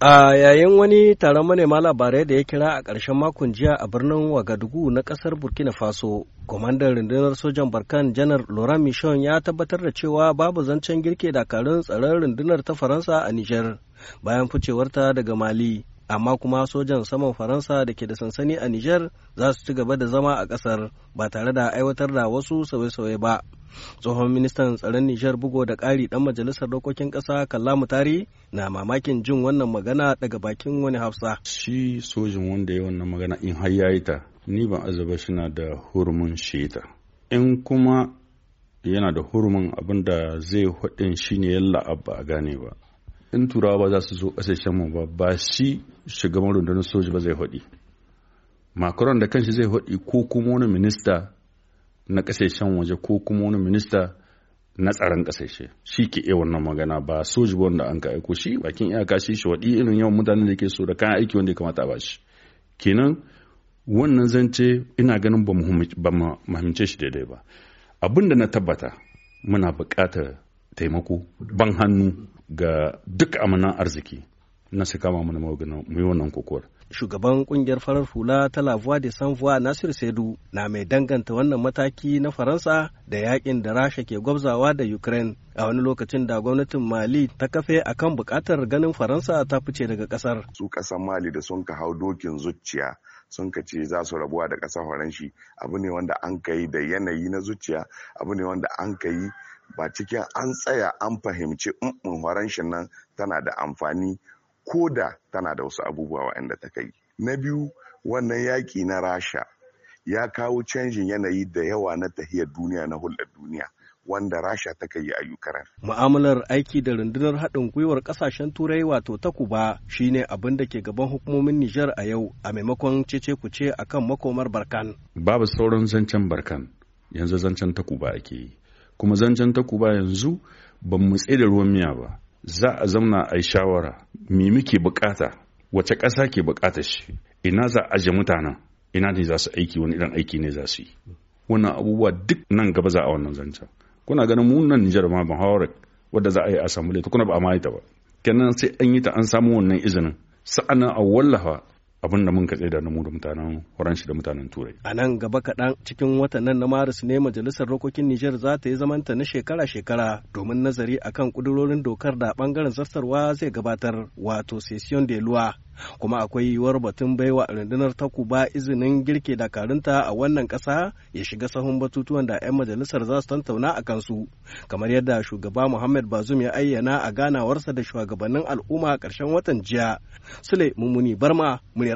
A yayin wani taron manema labarai da ya kira a ƙarshen makon jiya a birnin Wagadugu na ƙasar Burkina Faso, kwamandan rundunar sojan Barkan janar Laurent Michon ya tabbatar da cewa babu zancen girke dakarun tsaron rundunar ta Faransa a Niger bayan ficewarta daga Mali. Amma kuma sojan saman Faransa da ke da sansani a Niger za su ci gaba da zama a ƙasar ba tare da aiwatar da wasu sauye-sauye ba. tsohon ministan tsaron nijar bugo da ƙari ɗan majalisar dokokin ƙasa kallamu tari na mamakin jin wannan magana daga bakin wani hafsa shi sojin wanda ya wannan magana in har yayi ta ni ban azaba shi na da hurumin sheta in kuma yana da hurumin abin da zai hudin shi ne yalla abba a gane ba in turawa ba za su zo ƙasashen mu ba ba shi shugaban rundunar soji ba zai hudi makaron da kanshi zai hudi ko kuma wani minista na kasashen waje ko kuma wani minista na tsaron kasashe shi ke iya wannan magana ba soji wanda an ka aiko shi bakin iyaka shi shi waɗi irin yawan mutanen da ke so da kayan aiki wanda ya kamata a bashi kenan wannan zance ina ganin ba mahimce shi daidai ba abin da na tabbata muna buƙatar taimako ban hannu ga duk amanan arziki na su kama mana maganin mu yi wannan kokowar. Shugaban kungiyar farar hula ta La Voix de Sans Voix Nasir Sedu na mai danganta wannan mataki na Faransa da yakin da Rasha ke gwabzawa da Ukraine a wani lokacin da gwamnatin Mali ta kafe kan bukatar ganin Faransa ta fice daga kasar. Su kasan Mali da sun ka hau dokin zuciya sun ka ce za su rabuwa da kasar Faranshi abu ne wanda an ka yi da yanayi na zuciya abu ne wanda an ka yi ba cikin an tsaya an fahimci in Faranshin nan tana da amfani Koda tana da wasu abubuwa waɗanda ta kai na biyu wannan yaƙi na rasha ya kawo canjin yanayi da yawa na tahiyar duniya na hulɗar duniya wanda rasha ta kai a ukraine mu'amalar aiki da rundunar haɗin gwiwar ƙasashen turai wato ta kuba shine abin da ke gaban hukumomin nijar a yau a maimakon cece ce akan makomar barkan babu sauran zancen barkan yanzu zancen ta kuba ake yi kuma zancen ta kuba yanzu ban mu da ruwan miya ba za a zauna a yi shawara me muke bukata wace ƙasa ke bukata shi ina za a aje mutanen ina ne za su aiki wani irin aiki ne za su yi wannan abubuwa duk nan gaba za a wannan zanta kuna ganin mu nan Nijar ma muhawarar wadda za a yi a samu kuna ba a ba kenan sai an yi ta an samu wannan izinin sa'anan a wallafa abin da mun katse da namu da mutanen da mutanen turai a nan gaba kaɗan cikin watan na maris ne majalisar rokokin nijar za ta yi zamanta na shekara-shekara domin nazari akan kudurorin dokar da ɓangaren zartarwa zai gabatar wato session de loi kuma akwai yiwuwar batun baiwa rundunar takuba izinin girke dakarunta a wannan ƙasa ya shiga sahun batutuwan da 'yan majalisar za su tantauna a kansu kamar yadda shugaba muhammad bazum ya ayyana a ganawarsa da shugabannin al'umma a ƙarshen watan jiya sule mummuni barma muryar